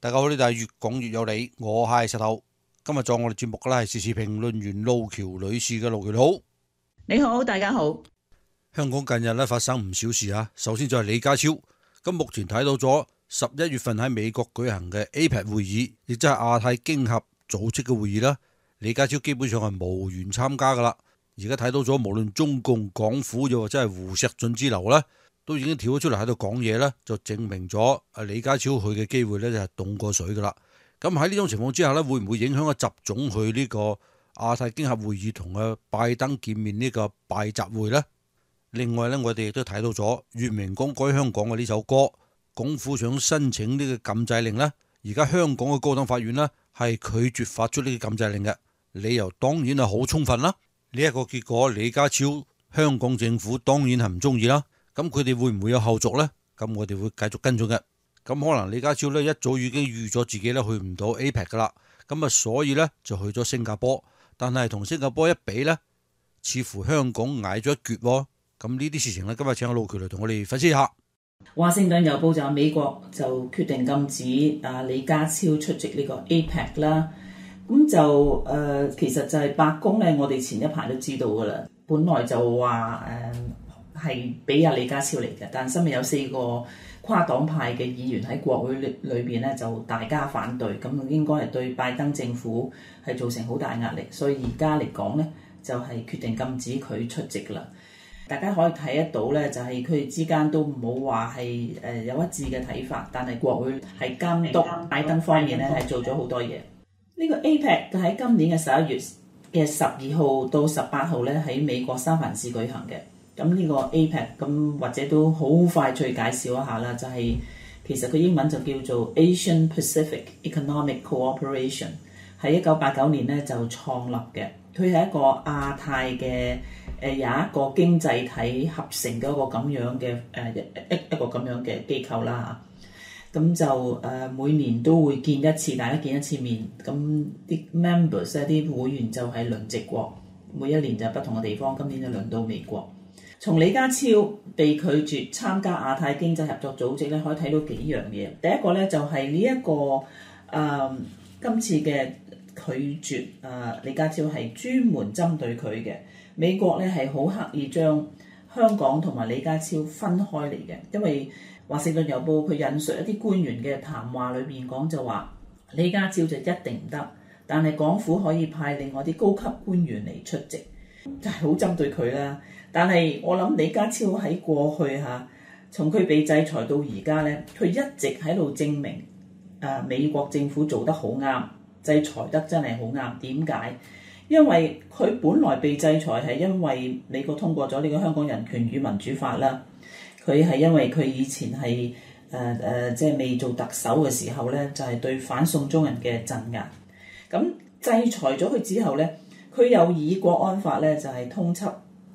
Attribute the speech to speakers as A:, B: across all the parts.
A: 大家好，呢就係越講越有理，我係石頭，今日在我哋節目噶啦，係時事評論員路橋女士嘅，路橋好，
B: 你好，大家好。
A: 香港近日咧發生唔少事啊，首先就係李家超，咁目前睇到咗十一月份喺美國舉行嘅 APEC 會議，亦即係亞太經合組織嘅會議啦，李家超基本上係無緣參加噶啦，而家睇到咗無論中共、港府，又或者係胡錫進之流咧。都已經跳咗出嚟喺度講嘢咧，就證明咗阿李家超佢嘅機會咧就係凍過水噶啦。咁喺呢種情況之下咧，會唔會影響習總去呢個亞太經合會議同阿拜登見面呢個拜習會呢？另外咧，我哋亦都睇到咗《願榮光歸香港》嘅呢首歌，港府想申請呢個禁制令呢，而家香港嘅高等法院呢係拒絕發出呢個禁制令嘅，理由當然係好充分啦。呢、這、一個結果，李家超香港政府當然係唔中意啦。咁佢哋會唔會有後續咧？咁我哋會繼續跟進嘅。咁可能李家超咧一早已經預咗自己咧去唔到 APEC 噶啦，咁啊所以咧就去咗新加坡。但係同新加坡一比咧，似乎香港矮咗一橛，哦。咁呢啲事情咧，今日請阿路橋嚟同我哋分析下。
B: 華盛頓郵報就話美國就決定禁止啊李家超出席呢個 APEC 啦。咁就誒、呃，其實就係白宮咧，我哋前一排都知道噶啦。本來就話誒。呃係俾阿李家超嚟嘅，但係身邊有四個跨黨派嘅議員喺國會裏裏邊咧，就大家反對咁，應該係對拜登政府係造成好大壓力。所以而家嚟講咧，就係決定禁止佢出席啦。大家可以睇得到咧，就係佢之間都唔好話係誒有一致嘅睇法，但係國會係監督拜登方面咧係做咗好多嘢。呢個 APEC 佢喺今年嘅十一月嘅十二號到十八號咧喺美國三藩市舉行嘅。咁呢個 APEC 咁或者都好快再介紹一下啦。就係、是、其實佢英文就叫做 Asian Pacific Economic Cooperation，喺一九八九年咧就創立嘅。佢係一個亞太嘅誒、呃、有一個經濟體合成嘅一個咁樣嘅誒一一個咁樣嘅機構啦。咁、啊、就誒、呃、每年都會見一次，大家見一次面。咁啲 members 一啲會員就係輪值國，每一年就不同嘅地方。今年就輪到美國。從李家超被拒絕參加亞太經濟合作組織咧，可以睇到幾樣嘢。第一個咧就係呢一個，誒、呃，今次嘅拒絕誒、呃、李家超係專門針對佢嘅。美國咧係好刻意將香港同埋李家超分開嚟嘅，因為《華盛頓郵報》佢引述一啲官員嘅談話裏面講就話，李家超就一定唔得，但係港府可以派另外啲高級官員嚟出席。就係好針對佢啦，但係我諗李家超喺過去嚇，從佢被制裁到而家咧，佢一直喺度證明，誒、呃、美國政府做得好啱，制裁得真係好啱。點解？因為佢本來被制裁係因為美國通過咗呢、這個香港人權與民主法啦，佢係因為佢以前係誒誒即係未做特首嘅時候咧，就係、是、對反送中人嘅鎮壓。咁制裁咗佢之後咧。佢有以國安法咧，就係、是、通緝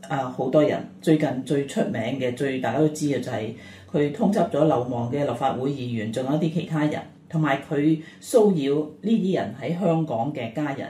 B: 啊好、呃、多人，最近最出名嘅最大家都知嘅就係、是、佢通緝咗流亡嘅立法會議員，仲有啲其他人，同埋佢騷擾呢啲人喺香港嘅家人，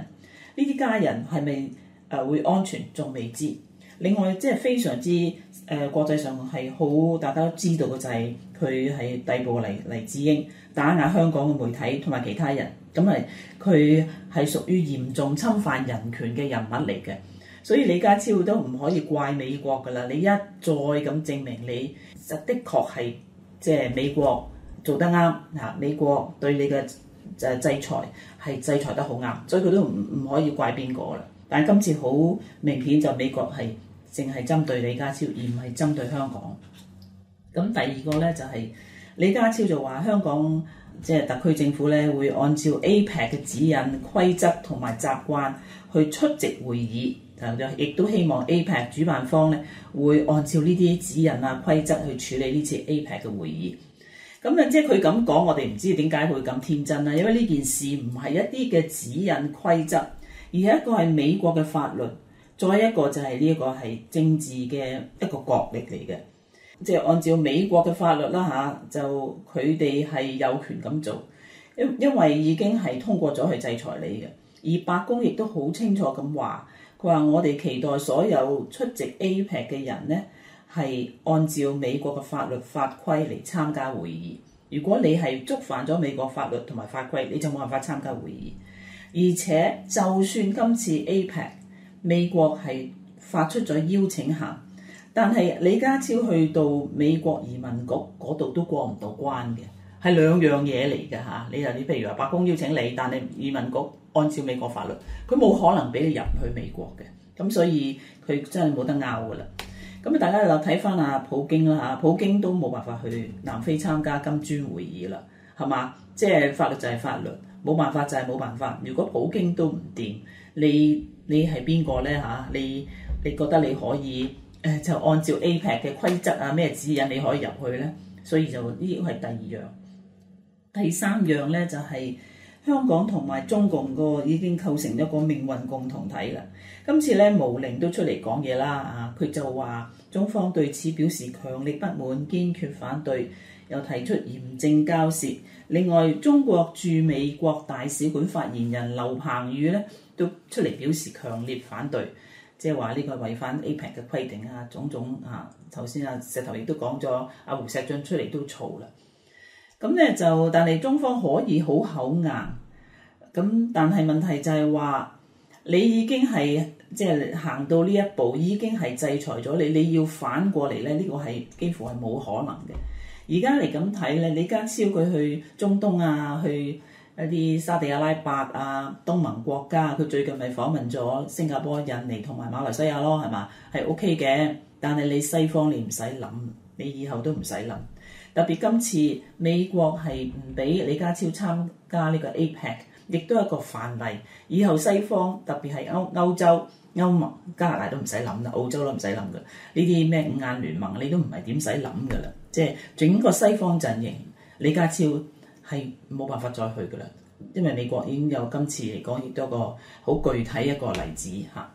B: 呢啲家人係咪誒會安全仲未知？另外，即係非常之誒、呃、國際上係好大家都知道嘅就係佢係逮捕黎黎智英打壓香港嘅媒體同埋其他人，咁嚟佢係屬於嚴重侵犯人權嘅人物嚟嘅。所以李家超都唔可以怪美國㗎啦。你一再咁證明你實的確係即係美國做得啱啊！美國對你嘅誒制裁係制裁得好啱，所以佢都唔唔可以怪邊個啦。但係今次好明顯就美國係，淨係針對李家超，而唔係針對香港。咁第二個咧就係、是、李家超就話香港即係、就是、特區政府咧會按照 APEC 嘅指引規則同埋習慣去出席會議，就亦都希望 APEC 主辦方咧會按照呢啲指引啊規則去處理呢次 APEC 嘅會議。咁啊，即係佢咁講，我哋唔知點解會咁天真啦，因為呢件事唔係一啲嘅指引規則，而係一個係美國嘅法律。再一個就係，呢一個係政治嘅一個角力嚟嘅。即係按照美國嘅法律啦、啊、嚇，就佢哋係有權咁做，因因為已經係通過咗去制裁你嘅。而白宮亦都好清楚咁話，佢話我哋期待所有出席 APEC 嘅人呢係按照美國嘅法律法規嚟參加會議。如果你係觸犯咗美國法律同埋法規，你就冇辦法參加會議，而且就算今次 APEC 美國係發出咗邀請函，但係李家超去到美國移民局嗰度都過唔到關嘅，係兩樣嘢嚟嘅。嚇、啊。你又你譬如話，白宮邀請你，但係移民局按照美國法律，佢冇可能俾你入去美國嘅。咁所以佢真係冇得拗㗎啦。咁啊，大家又睇翻阿普京啦嚇，普京都冇辦法去南非參加金磚會議啦，係嘛？即、就、係、是、法律就係法律，冇辦法就係冇辦法。如果普京都唔掂，你？你係邊個呢？嚇？你你覺得你可以誒就按照 APEC 嘅規則啊咩指引，你可以入去呢？所以就呢個係第二樣。第三樣呢，就係、是、香港同埋中共個已經構成一個命運共同體啦。今次呢，毛寧都出嚟講嘢啦啊，佢就話中方對此表示強烈不滿，堅決反對，又提出嚴正交涉。另外，中國駐美國大使館發言人劉鵬宇咧都出嚟表示強烈反對，即係話呢個違反 APEC 嘅規定啊，種種啊。頭先阿石頭亦都講咗，阿、啊、胡錫進出嚟都嘈啦。咁咧就，但係中方可以好口硬。咁但係問題就係話，你已經係即係行到呢一步，已經係制裁咗你，你要反過嚟咧，呢、這個係幾乎係冇可能嘅。而家嚟咁睇咧，李家超佢去中東啊，去一啲沙地阿拉伯啊，東盟國家，佢最近咪訪問咗新加坡、印尼同埋馬來西亞咯，係嘛？係 OK 嘅。但係你西方，你唔使諗，你以後都唔使諗。特別今次美國係唔俾李家超參加呢個 APEC，亦都係一個範例。以後西方特別係歐歐洲、歐盟、加拿大都唔使諗啦，澳洲都唔使諗噶。呢啲咩五眼聯盟，你都唔係點使諗噶啦。即係整個西方陣營，李家超係冇辦法再去㗎喇，因為美國已經有今次嚟講，亦多個好具體一個例子嚇。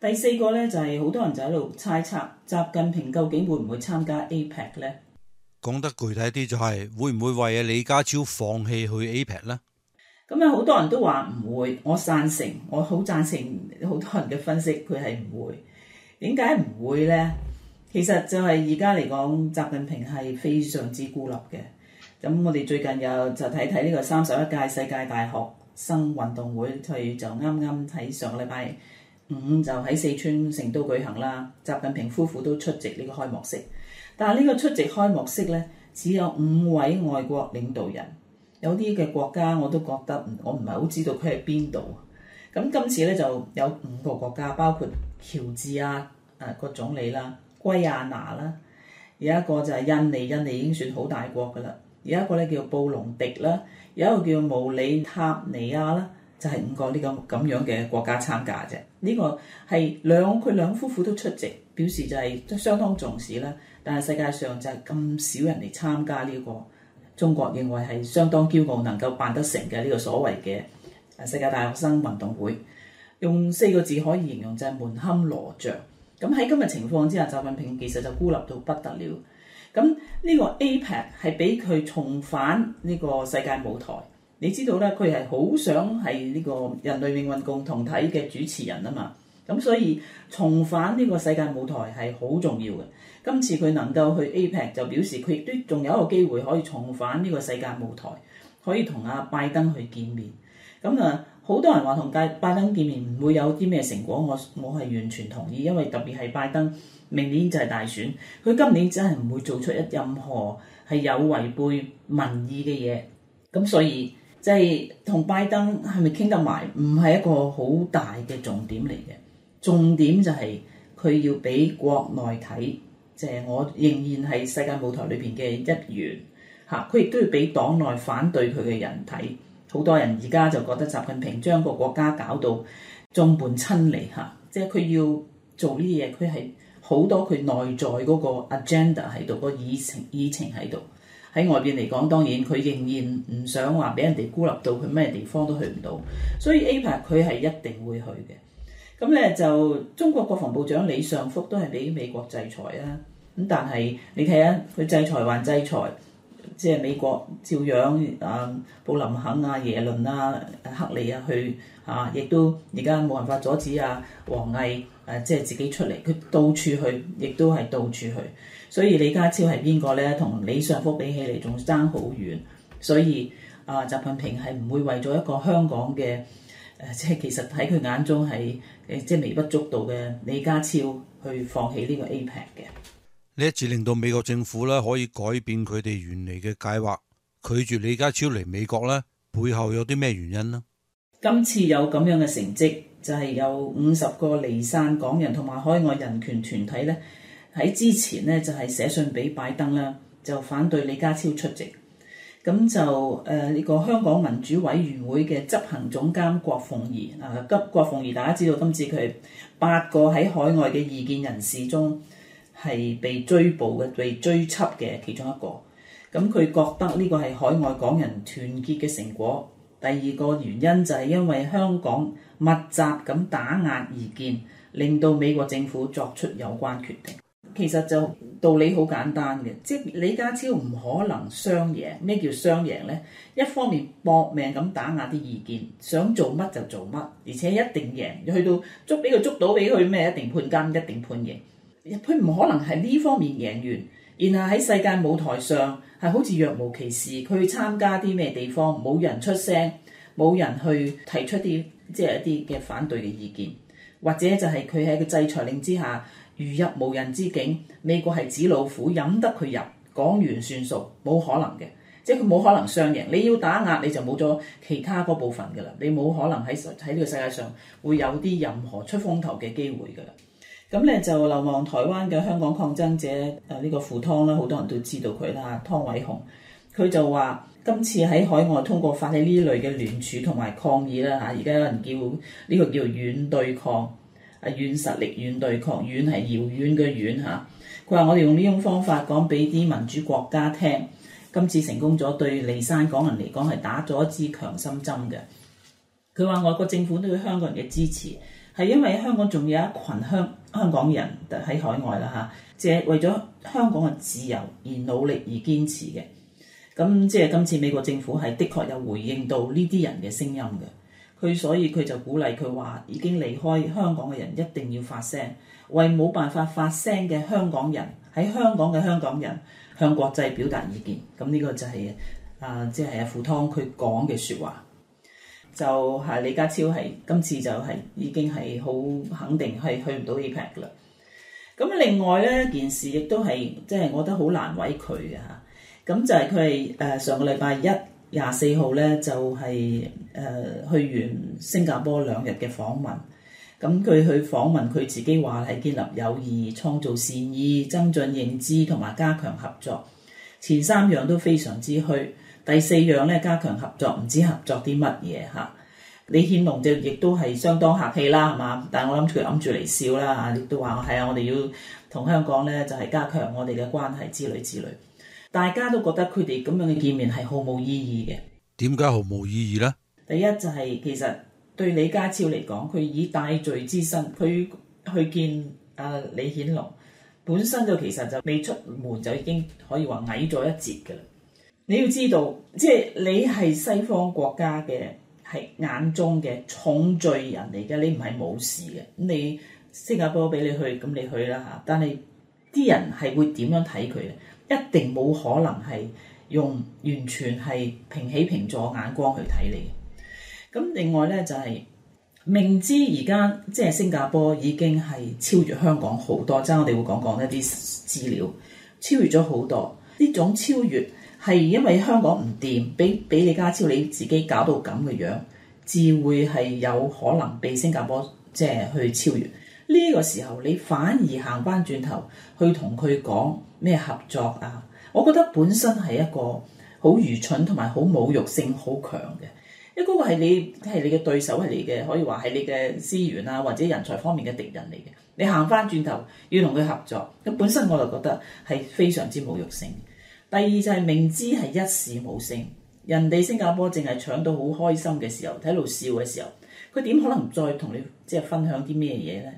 B: 第四個咧就係、是、好多人就喺度猜測習近平究竟會唔會參加 APEC 咧？
A: 講得具體啲就係、是、會唔會為咗李家超放棄去 APEC 咧？
B: 咁啊好多人都話唔會，我贊成，我好贊成好多人嘅分析，佢係唔會。點解唔會咧？其實就係而家嚟講，習近平係非常之孤立嘅。咁我哋最近又就睇睇呢個三十一屆世界大學生運動會，佢就啱啱喺上個禮拜五就喺四川成都舉行啦。習近平夫婦都出席呢個開幕式，但係呢個出席開幕式咧，只有五位外國領導人，有啲嘅國家我都覺得我唔係好知道佢喺邊度。咁今次咧就有五個國家，包括喬治亞，誒個總理啦。圭亞拿啦，有一個就係印尼，印尼已經算好大國噶啦，有一個咧叫布隆迪啦，有一個叫毛里塔尼亞啦，就係、是、五個呢個咁樣嘅國家參加啫。呢個係兩，佢兩夫婦都出席，表示就係都相當重視啦。但係世界上就係咁少人嚟參加呢、這個，中國認為係相當驕傲，能夠辦得成嘅呢、這個所謂嘅世界大學生運動會，用四個字可以形容就係門可羅雀。咁喺今日情況之下，習近平其實就孤立到不得了。咁呢、這個 APEC 係俾佢重返呢個世界舞台。你知道咧，佢係好想係呢個人類命運共同體嘅主持人啊嘛。咁所以重返呢個世界舞台係好重要嘅。今次佢能夠去 APEC，就表示佢亦都仲有一個機會可以重返呢個世界舞台，可以同阿、啊、拜登去見面。咁啊～好多人話同大拜登見面唔會有啲咩成果，我我係完全同意，因為特別係拜登明年就係大選，佢今年真係唔會做出一任何係有違背民意嘅嘢，咁所以即係同拜登係咪傾得埋，唔係一個好大嘅重點嚟嘅，重點就係佢要俾國內睇，即係我仍然係世界舞台裏邊嘅一員，嚇佢亦都要俾黨內反對佢嘅人睇。好多人而家就覺得習近平將個國家搞到眾叛親離嚇，即係佢要做呢啲嘢，佢係好多佢內在嗰個 agenda 喺度，個議程議程喺度。喺外邊嚟講，當然佢仍然唔想話俾人哋孤立到佢咩地方都去唔到，所以 APEC 佢係一定會去嘅。咁咧就中國國防部長李尚福都係俾美國制裁啦，咁但係你睇下，佢制裁還制裁。即係美國照樣啊，布林肯啊、耶倫啊、克里啊去啊，亦都而家冇辦法阻止啊王毅誒、啊，即係自己出嚟，佢到處去，亦都係到處去。所以李家超係邊個咧？同李尚福比起嚟，仲爭好遠。所以啊，習近平係唔會為咗一個香港嘅誒、啊，即係其實喺佢眼中係誒、啊，即係微不足道嘅李家超去放棄呢個 APEC 嘅。
A: 呢一次令到美國政府咧可以改變佢哋原嚟嘅計劃，拒絕李家超嚟美國咧，背後有啲咩原因呢？
B: 今次有咁樣嘅成績，就係、是、有五十個離散港人同埋海外人權團體咧，喺之前咧就係寫信俾拜登啦，就反對李家超出席。咁就誒呢、呃這個香港民主委員會嘅執行總監郭鳳儀啊，今、呃、郭鳳儀大家知道今次佢八個喺海外嘅異見人士中。係被追捕嘅、被追緝嘅其中一個。咁佢覺得呢個係海外港人團結嘅成果。第二個原因就係因為香港密集咁打壓意見，令到美國政府作出有關決定。其實就道理好簡單嘅，即李家超唔可能雙贏。咩叫雙贏呢？一方面搏命咁打壓啲意見，想做乜就做乜，而且一定贏。去到捉俾佢捉到俾佢咩？一定判監，一定判刑。佢唔可能喺呢方面贏完，然後喺世界舞台上係好似若無其事，佢去參加啲咩地方，冇人出聲，冇人去提出啲即係一啲嘅、就是、反對嘅意見，或者就係佢喺個制裁令之下，如入無人之境，美國係紙老虎，飲得佢入，講完算數，冇可能嘅，即係佢冇可能雙贏。你要打壓，你就冇咗其他嗰部分噶啦，你冇可能喺喺呢個世界上會有啲任何出風頭嘅機會噶啦。咁咧就流亡台灣嘅香港抗爭者，啊呢、這個傅湯啦，好多人都知道佢啦。湯偉雄佢就話：今次喺海外通過發起呢類嘅聯署同埋抗議啦，嚇、啊！而家有人叫呢、這個叫遠對抗，啊遠實力遠對抗，遠係遙遠嘅遠嚇。佢、啊、話我哋用呢種方法講俾啲民主國家聽，今次成功咗，對離散港人嚟講係打咗一支強心針嘅。佢話外國政府對香港人嘅支持係因為香港仲有一群香。香港人喺海外啦，吓，即係為咗香港嘅自由而努力而堅持嘅。咁即係今次美國政府係的確有回應到呢啲人嘅聲音嘅。佢所以佢就鼓勵佢話，已經離開香港嘅人一定要發聲，為冇辦法發聲嘅香港人喺香港嘅香港人向國際表達意見。咁呢個就係、是、啊、呃，即係阿富湯佢講嘅說話。就係李家超係今次就係、是、已經係好肯定係去唔到 APEC 嘅啦。咁另外呢件事亦都係即係我覺得好難為佢嘅嚇。咁就係佢係誒上個禮拜一廿四號呢，就係、是、誒、呃、去完新加坡兩日嘅訪問。咁佢去訪問佢自己話係建立友誼、創造善意、增進認知同埋加強合作。前三樣都非常之虛。第四樣咧，加強合作，唔知合作啲乜嘢嚇。李顯龍就亦都係相當客氣啦，係嘛？但我諗住佢揞住嚟笑啦。亦都話係啊，我哋要同香港咧就係加強我哋嘅關係之類之類。大家都覺得佢哋咁樣嘅見面係毫無意義嘅。
A: 點解毫無意義咧？
B: 第一就係其實對李家超嚟講，佢以戴罪之身，佢去見阿李顯龍，本身就其實就未出門就已經可以話矮咗一截嘅啦。你要知道，即係你係西方國家嘅係眼中嘅重罪人嚟嘅，你唔係冇事嘅。咁你新加坡俾你去，咁你去啦吓。但係啲人係會點樣睇佢咧？一定冇可能係用完全係平起平坐眼光去睇你。咁另外咧就係明知而家即係新加坡已經係超越香港好多，即係我哋會講講一啲資料，超越咗好多呢種超越。係因為香港唔掂，俾俾李家超你自己搞到咁嘅樣，至會係有可能被新加坡即係去超越。呢個時候你反而行翻轉頭去同佢講咩合作啊？我覺得本身係一個好愚蠢同埋好侮辱性好強嘅，因為嗰個係你係你嘅對手，係你嘅可以話係你嘅資源啊或者人才方面嘅敵人嚟嘅。你行翻轉頭要同佢合作，咁本身我就覺得係非常之侮辱性。第二就係、是、明知係一事無成，人哋新加坡淨係搶到好開心嘅時候，喺度笑嘅時候，佢點可能再同你即係分享啲咩嘢呢？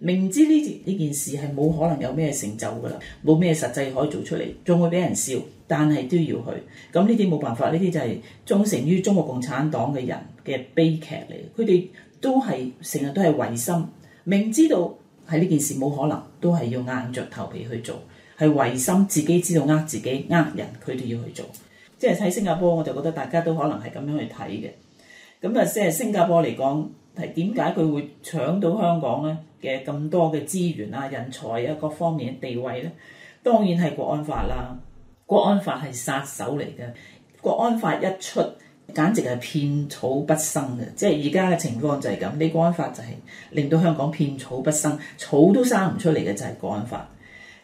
B: 明知呢件呢件事係冇可能有咩成就噶啦，冇咩實際可以做出嚟，仲會俾人笑，但係都要去。咁呢啲冇辦法，呢啲就係忠誠於中國共產黨嘅人嘅悲劇嚟。佢哋都係成日都係違心，明知道係呢件事冇可能，都係要硬着頭皮去做。係違心自己知道，呃自己呃人，佢哋要去做，即係喺新加坡我就覺得大家都可能係咁樣去睇嘅。咁啊，即係新加坡嚟講係點解佢會搶到香港咧嘅咁多嘅資源啊、人才啊各方面嘅地位咧？當然係國安法啦，國安法係殺手嚟嘅。國安法一出，簡直係片草不生嘅。即係而家嘅情況就係咁，啲國安法就係令到香港片草不生，草都生唔出嚟嘅就係國安法。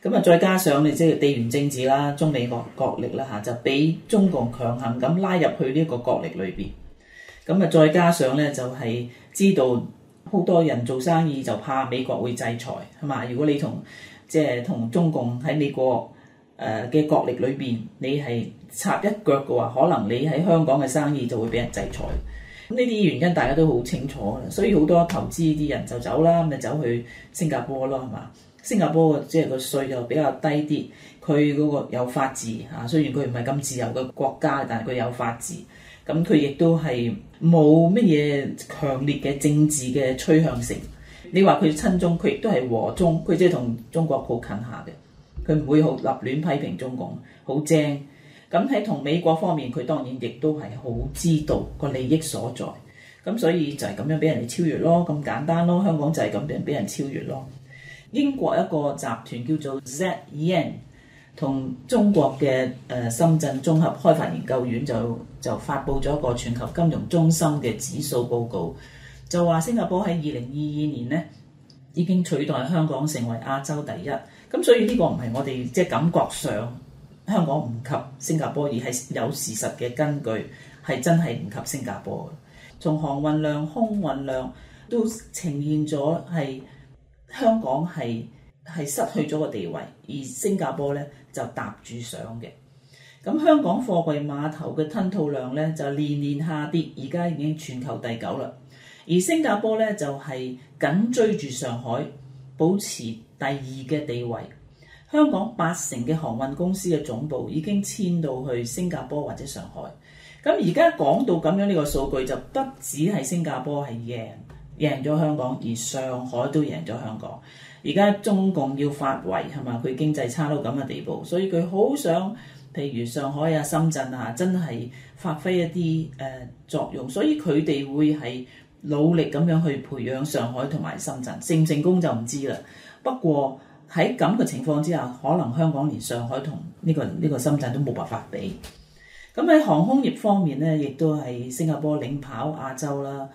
B: 咁啊，再加上你即係地緣政治啦、中美國國力啦嚇，就俾中共強行咁拉入去呢一個國力裏邊。咁啊，再加上咧就係知道好多人做生意就怕美國會制裁係嘛。如果你同即係、就是、同中共喺美國誒嘅國力裏邊，你係插一腳嘅話，可能你喺香港嘅生意就會俾人制裁。咁呢啲原因大家都好清楚，所以好多投資啲人就走啦，咪走去新加坡咯係嘛。新加坡即係個稅就比較低啲，佢嗰個有法治嚇，雖然佢唔係咁自由嘅國家，但係佢有法治。咁佢亦都係冇乜嘢強烈嘅政治嘅趨向性。你話佢親中，佢亦都係和中，佢即係同中國好近下嘅，佢唔會好立亂批評中共，好正。咁喺同美國方面，佢當然亦都係好知道個利益所在。咁所以就係咁樣俾人哋超越咯，咁簡單咯。香港就係咁俾人俾人超越咯。英國一個集團叫做 Z/Yen 同中國嘅誒深圳綜合開發研究院就就發布咗一個全球金融中心嘅指數報告，就話新加坡喺二零二二年咧已經取代香港成為亞洲第一，咁所以呢個唔係我哋即係感覺上香港唔及新加坡，而係有事實嘅根據，係真係唔及新加坡。從航運量、空運量都呈現咗係。香港係係失去咗個地位，而新加坡咧就搭住上嘅。咁香港貨櫃碼頭嘅吞吐量咧就年年下跌，而家已經全球第九啦。而新加坡咧就係緊追住上海，保持第二嘅地位。香港八成嘅航運公司嘅總部已經遷到去新加坡或者上海。咁而家講到咁樣呢個數據，就不止係新加坡係贏。贏咗香港，而上海都贏咗香港。而家中共要發圍係嘛？佢經濟差到咁嘅地步，所以佢好想，譬如上海啊、深圳啊，真係發揮一啲誒、呃、作用。所以佢哋會係努力咁樣去培養上海同埋深圳，成唔成功就唔知啦。不過喺咁嘅情況之下，可能香港連上海同呢、呢個呢、呢個深圳都冇辦法比。咁喺航空業方面咧，亦都係新加坡領跑亞洲啦。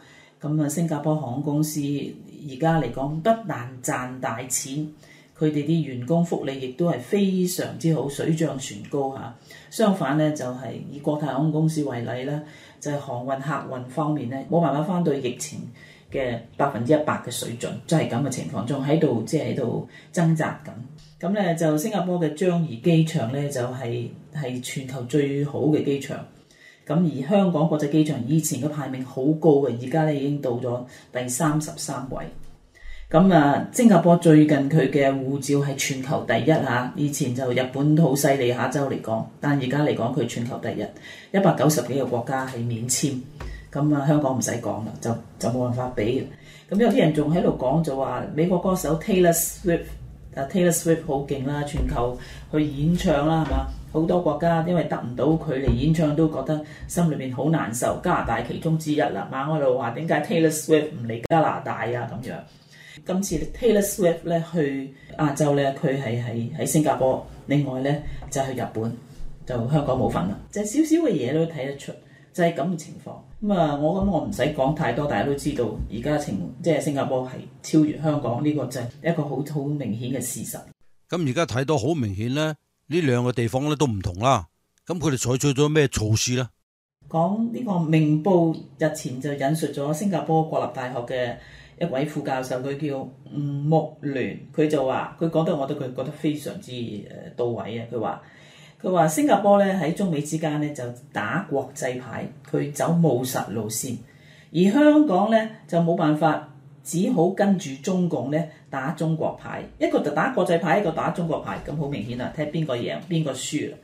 B: 咁啊，新加坡航空公司而家嚟講，不但賺大錢，佢哋啲員工福利亦都係非常之好，水漲船高嚇。相反呢，就係、是、以國泰航空公司為例啦，就係、是、航運客運方面呢，冇辦法翻到疫情嘅百分之一百嘅水準，即係咁嘅情況仲喺度，即係喺度掙扎緊。咁咧就新加坡嘅樟宜機場呢，就係、是、係全球最好嘅機場。咁而香港國際機場以前嘅排名好高嘅，而家咧已經到咗第三十三位。咁啊，新加坡最近佢嘅護照係全球第一嚇，以前就日本好犀利，亞洲嚟講，但而家嚟講佢全球第一，一百九十幾個國家係免簽。咁啊，香港唔使講啦，就就冇辦法比。咁有啲人仲喺度講就話美國歌手 Taylor Swift、啊、Taylor Swift 啊，Taylor Swift 好勁啦，全球去演唱啦，係嘛？好多國家因為得唔到佢嚟演唱，都覺得心裏邊好難受。加拿大其中之一啦，馬嗰度話點解 Taylor Swift 唔嚟加拿大呀？咁樣今次 Taylor Swift 咧去亞洲咧，佢係喺喺新加坡，另外咧就係、去日本，就香港冇份啦。就少少嘅嘢都睇得出，就係咁嘅情況。咁啊，我咁我唔使講太多，大家都知道而家情，即係新加坡係超越香港呢、呢個，就係一個好好明顯嘅事實。
A: 咁而家睇到好明顯咧。呢兩個地方咧都唔同啦，咁佢哋採取咗咩措施咧？
B: 講呢個明報日前就引述咗新加坡國立大學嘅一位副教授，佢叫吳木聯，佢就話佢講得，我覺得佢覺得非常之誒、呃、到位啊。佢話佢話新加坡咧喺中美之間咧就打國際牌，佢走務實路線，而香港咧就冇辦法。只好跟住中共咧打中國牌，一個就打國際牌，一個打中國牌，咁好明顯啦。睇邊個贏，邊個輸啦。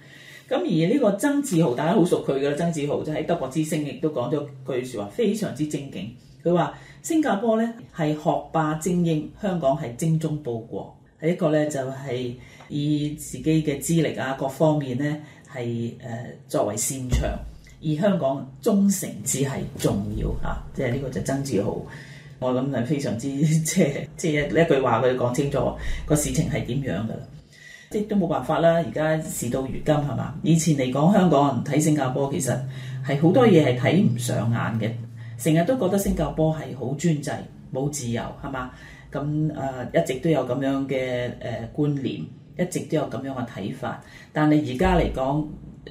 B: 咁而呢個曾志豪大家好熟佢㗎啦，曾志豪就喺《德國之聲》亦都講咗句説話，非常之正經。佢話新加坡咧係學霸精英，香港係精忠報國，係一個咧就係、是、以自己嘅資歷啊各方面咧係誒作為擅長，而香港忠誠只係重要嚇，即係呢個就係曾志豪。我諗係非常之即係即係一句話，佢講清楚個事情係點樣噶啦，即係都冇辦法啦。而家事到如今係嘛？以前嚟講香港人睇新加坡，其實係好多嘢係睇唔上眼嘅，成日都覺得新加坡係好專制、冇自由係嘛？咁誒、呃、一直都有咁樣嘅誒、呃、觀念，一直都有咁樣嘅睇法。但係而家嚟講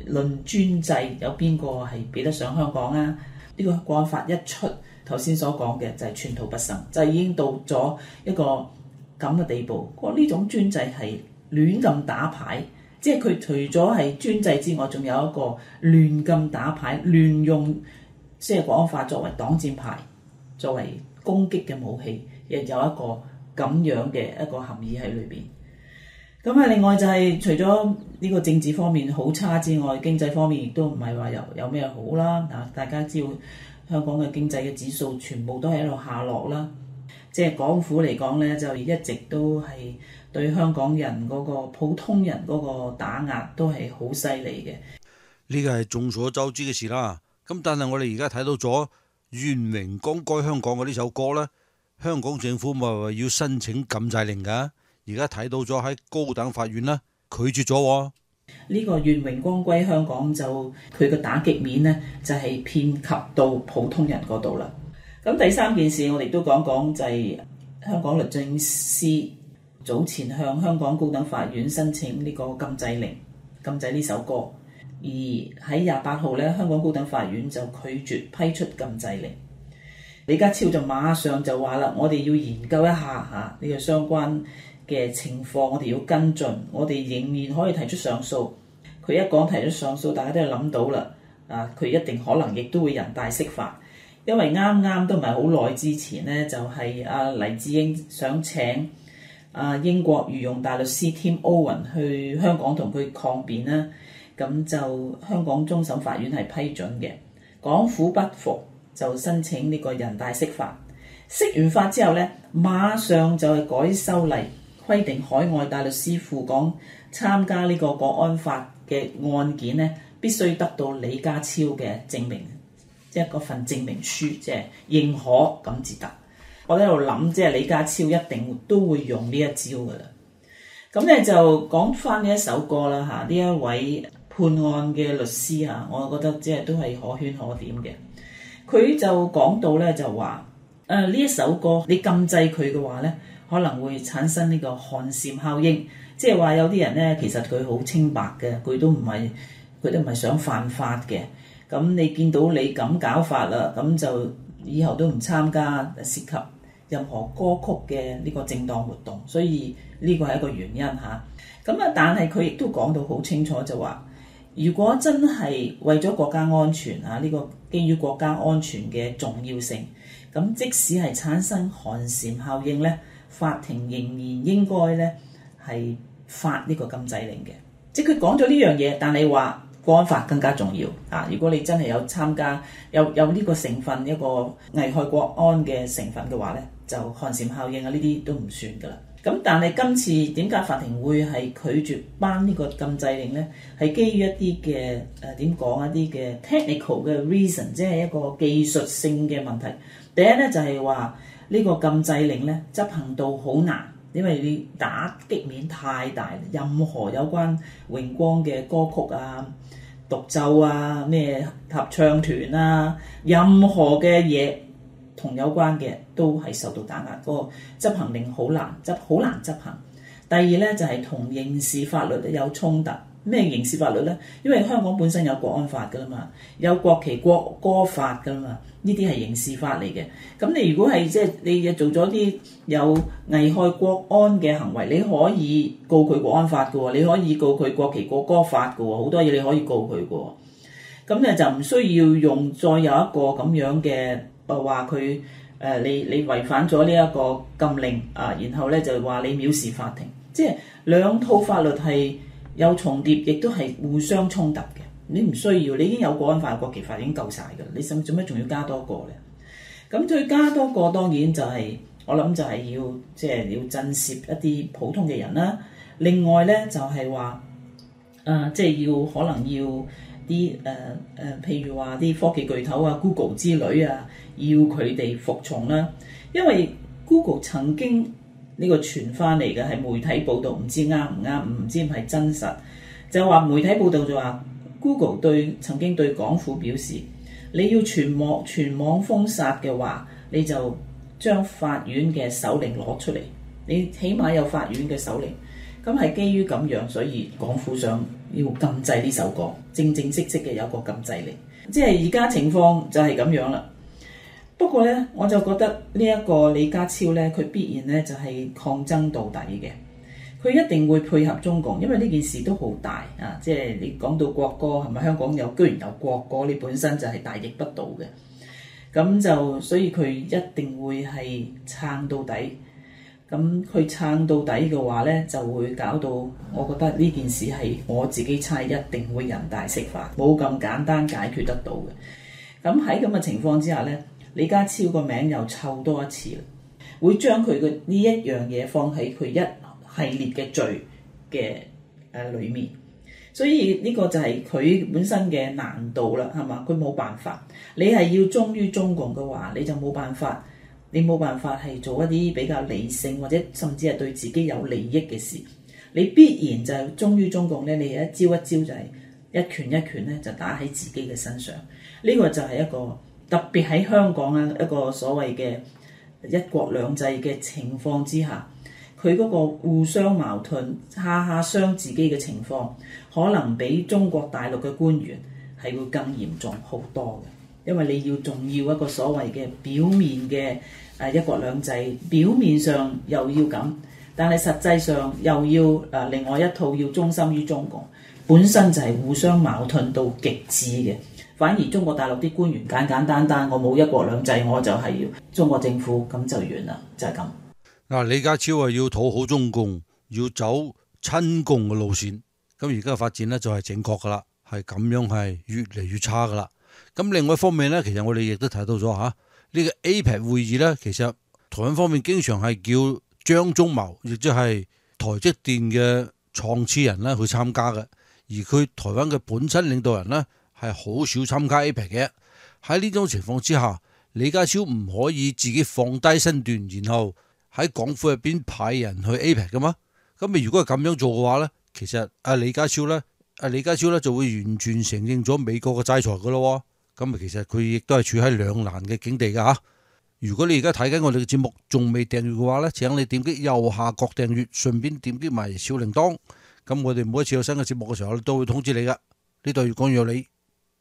B: 論專制，有邊個係比得上香港啊？呢、這個國安法一出。頭先所講嘅就係寸土不生，就係已經到咗一個咁嘅地步。呢種專制係亂咁打牌，即係佢除咗係專制之外，仲有一個亂咁打牌、亂用國安法作為擋箭牌、作為攻擊嘅武器，亦有一個咁樣嘅一個含義喺裏邊。咁啊，另外就係、係、除咗呢個政治方面好差之外，經濟方面亦都唔係話有有咩好啦。嗱，大家知道。香港嘅經濟嘅指數全部都喺度下落啦，即係港府嚟講咧，就一直都係對香港人嗰個普通人嗰個打壓都係好犀利嘅。
A: 呢個係眾所周知嘅事啦。咁但係我哋而家睇到咗《願榮光歸香港》嘅呢首歌咧，香港政府咪話要申請禁制令㗎？而家睇到咗喺高等法院啦，拒絕咗喎。
B: 呢個願榮光歸香港就佢個打擊面呢，就係遍及到普通人嗰度啦。咁第三件事，我哋都講講，就係香港律政司早前向香港高等法院申請呢個禁制令，禁制呢首歌。而喺廿八號咧，香港高等法院就拒絕批出禁制令。李家超就馬上就話啦，我哋要研究一下吓呢個相關嘅情況，我哋要跟進，我哋仍然可以提出上訴。佢一講提出上訴，大家都係諗到啦。啊，佢一定可能亦都會人大釋法，因為啱啱都唔係好耐之前呢，就係、是、阿、啊、黎智英想請啊英國御用大律師 Tim Owen 去香港同佢抗辯啦。咁就香港終審法院係批准嘅，港府不服就申請呢個人大釋法。釋完法之後呢，馬上就係改修例。規定海外大律師赴港參加呢個《國安法》嘅案件咧，必須得到李家超嘅證明，即係嗰份證明書，即係認可咁至得。我喺度諗，即係李家超一定都會用呢一招噶啦。咁咧就講返呢一首歌啦吓，呢一位判案嘅律師吓，我覺得即係都係可圈可點嘅。佢就講到咧就話，誒呢一首歌你禁制佢嘅話咧。可能會產生呢個寒蟬效應，即係話有啲人呢，其實佢好清白嘅，佢都唔係佢都唔係想犯法嘅。咁你見到你咁搞法啦，咁就以後都唔參加涉及任何歌曲嘅呢個正當活動。所以呢個係一個原因嚇。咁啊，但係佢亦都講到好清楚就，就話如果真係為咗國家安全啊，呢、呢個基於國家安全嘅重要性，咁即使係產生寒蟬效應呢。法庭仍然應該咧係發呢個禁制令嘅，即係佢講咗呢樣嘢。但係你話國安法更加重要啊！如果你真係有參加有有呢個成分一個危害國安嘅成分嘅話咧，就寒蟬效應啊，呢啲都唔算噶啦。咁但係今次點解法庭會係拒絕頒呢個禁制令咧？係基於一啲嘅誒，點講一啲嘅 technical 嘅 reason，即係一個技術性嘅問題。第一咧就係話。呢個禁制令咧執行到好難，因為你打擊面太大，任何有關榮光嘅歌曲啊、獨奏啊、咩合唱團啊，任何嘅嘢同有關嘅都係受到打壓。嗰個執行令好難執，好難執行。第二咧就係同刑事法律有衝突。咩刑事法律咧？因為香港本身有國安法噶啦嘛，有國旗國歌法噶嘛，呢啲係刑事法嚟嘅。咁你如果係即係你做咗啲有危害國安嘅行為，你可以告佢國安法噶喎、哦，你可以告佢國旗國歌法噶喎、哦，好多嘢你可以告佢噶喎。咁咧就唔需要用再有一個咁樣嘅話佢誒你你違反咗呢一個禁令啊、呃，然後咧就話你藐視法庭，即係兩套法律係。有重疊，亦都係互相衝突嘅。你唔需要，你已經有國安法、國旗法已經夠晒嘅啦。你使做咩仲要加多個咧？咁再加多個，當然就係、是、我諗就係要，即、就、係、是、要震懾一啲普通嘅人啦。另外咧，就係、是、話，誒、呃，即、就、係、是、要可能要啲誒誒，譬、呃呃、如話啲科技巨頭啊，Google 之類啊，要佢哋服從啦。因為 Google 曾經。呢個傳翻嚟嘅係媒體報導，唔知啱唔啱，唔知唔係真實。就話媒體報導就話，Google 對曾經對港府表示，你要全網全網封殺嘅話，你就將法院嘅手令攞出嚟，你起碼有法院嘅手令。咁係基於咁樣，所以港府想要禁制呢首歌，正正式式嘅有個禁制令。即係而家情況就係咁樣啦。不過呢，我就覺得呢一個李家超呢，佢必然呢就係抗爭到底嘅。佢一定會配合中共，因為呢件事都好大啊！即係你講到國歌係咪香港有，居然有國歌，你本身就係大逆不道嘅。咁就所以佢一定會係撐到底。咁佢撐到底嘅話呢，就會搞到我覺得呢件事係我自己猜，一定會人大釋法冇咁簡單解決得到嘅。咁喺咁嘅情況之下呢。李家超個名又湊多一次，會將佢嘅呢一樣嘢放喺佢一系列嘅罪嘅誒裏面，所以呢個就係佢本身嘅難度啦，係嘛？佢冇辦法。你係要忠於中共嘅話，你就冇辦法，你冇辦法係做一啲比較理性或者甚至係對自己有利益嘅事。你必然就忠於中共咧，你一招一招就係一拳一拳咧就打喺自己嘅身上。呢個就係一個。特別喺香港啊，一個所謂嘅一國兩制嘅情況之下，佢嗰個互相矛盾、下下傷自己嘅情況，可能比中國大陸嘅官員係會更嚴重好多嘅。因為你要重要一個所謂嘅表面嘅誒一國兩制，表面上又要咁，但係實際上又要誒另外一套要忠心於中共，本身就係互相矛盾到極致嘅。反而中國大陸啲官員簡簡單單，我冇一國兩制，我就係要中國政府，咁就
A: 完啦，就係咁。嗱，李家超啊，要討好中共，要走親共嘅路線，咁而家嘅發展咧就係正確噶啦，係咁樣係越嚟越差噶啦。咁另外一方面咧，其實我哋亦都提到咗嚇，呢個 APEC 會議咧，其實台灣方面經常係叫張忠謀，亦即係台積電嘅創始人咧去參加嘅，而佢台灣嘅本身領導人咧，係好少參加 APEC 嘅，喺呢種情況之下，李家超唔可以自己放低身段，然後喺港府入邊派人去 APEC 噶嘛？咁你如果係咁樣做嘅話呢，其實阿李家超呢，阿李家超咧就會完全承認咗美國嘅制裁噶咯。咁其實佢亦都係處喺兩難嘅境地噶吓。如果你而家睇緊我哋嘅節目，仲未訂閱嘅話呢，請你點擊右下角訂閱，順便點擊埋小鈴鐺。咁我哋每一次有新嘅節目嘅時候，都會通知你噶。呢度粵講粵有你。